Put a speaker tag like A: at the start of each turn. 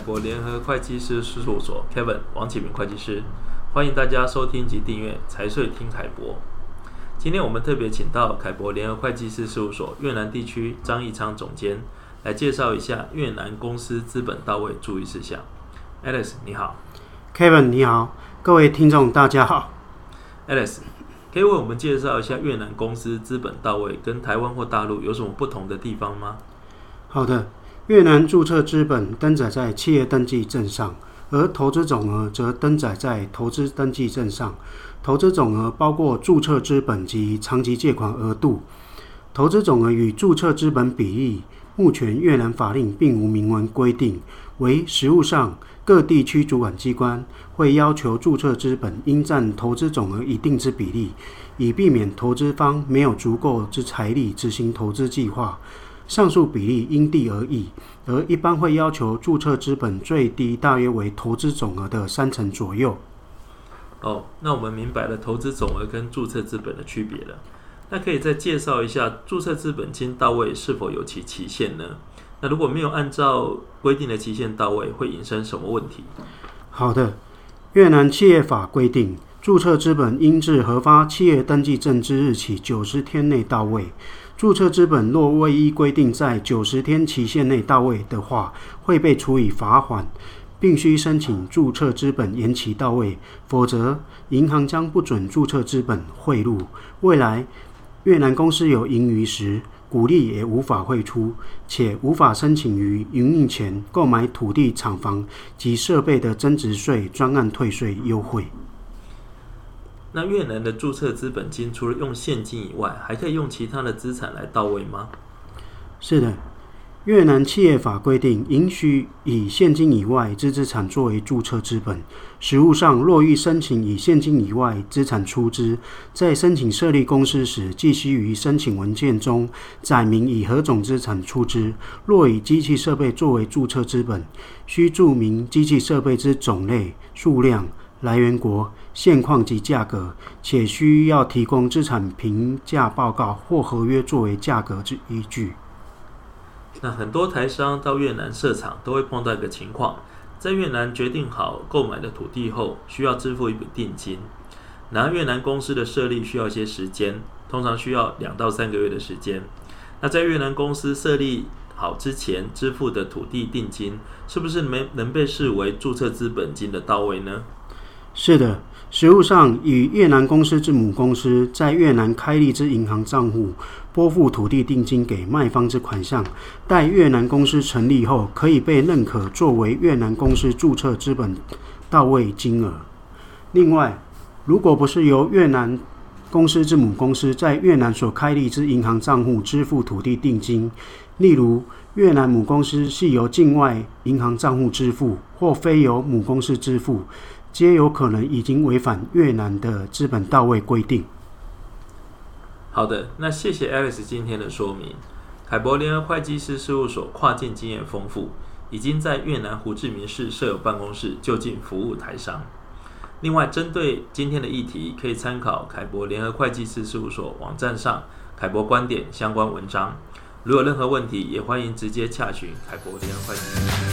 A: 凱博聯合會計師事務所 Kevin 王啟明會計師，歡迎大家收聽及訂閱財稅聽凱博。今天我們特別請到凱博聯合會計師事務所越南地區張義昌總監來介紹一下越南公司資本到位注意事項。Alice 你好
B: ，Kevin 你好，各位聽眾大家好。
A: Alice 可以為我們介紹一下越南公司資本到位跟台灣或大陸有什麼不同的地方嗎？
B: 好的。越南註冊資本登載在企業登記證上，而投資總額則登載在投資登記證上。投資總額包括註冊資本及長期借款額度。投資總額與註冊資本比例，目前越南法令並無明文規定。為實務上，各地區主管機關會要求註冊資本應佔投資總額一定之比例，以避免投資方沒有足夠之財力執行投資計劃。上述比例因地而異，而一般會要求注冊資本最低大約為投資總額的三成左
A: 右。哦，那我們明白了投資總額跟注冊資本的區別了。那可以再介紹一下注冊資本金到位是否有其期，期限呢？那如果沒有按照規定的期限到位，會衍生什麼問題？
B: 好的，越南企業法規定，注冊資本應自核發企業登記證之日起九十天內到位。註冊資本若未依規定在九十天期限內到位的話，會被處以罰款，並需申請註冊資本延期到位，否則銀行將不准註冊資本匯入。未來，越南公司有盈餘時，股利也無法匯出，且無法申請於營運前購買土地、廠房及設備的增值稅專案退稅優惠。
A: 那越南的註冊資本金除了用現金以外，還可以用其他的資產來到位嗎？
B: 是的，越南企業法規定，允許以現金以外之資產作為註冊資本。實務上，若欲申請以現金以外資產出資，在申請設立公司時，即須於申請文件中載明以何種資產出資。若以機器設備作為註冊資本，需注明機器設備之種類、數量。來源國、現況及價格，且需要提供資產評價報告或合約作為價格之依據。
A: 那很多台商到越南設廠都會碰到一個情況：在越南決定好購買的土地後，需要支付一筆定金。然後越南公司的設立需要一些時間，通常需要兩到三個月的時間。那在越南公司設立好之前支付的土地定金，是不是沒能被視為註冊資本金的到位呢？
B: 是的，實務上，以越南公司之母公司，在越南開立之銀行賬戶，撥付土地定金給賣方之款項，待越南公司成立後，可以被認可作為越南公司注冊資本到位金額。另外，如果不是由越南公司之母公司在越南所開立之銀行賬戶支付土地定金，例如越南母公司係由境外銀行賬戶支付，或非由母公司支付。皆有可能已經違反越南的資本到位規定。
A: 好的，那謝謝 Alex 今天的說明。凱博聯合會計師事務所跨境經驗豐富，已經在越南胡志明市設有辦公室，就近服務台商。另外，針對今天的議題，可以參考凱博聯合會計師事務所網站上凱博觀點相關文章。如有任何問題，也歡迎直接洽詢凱博聯合會計。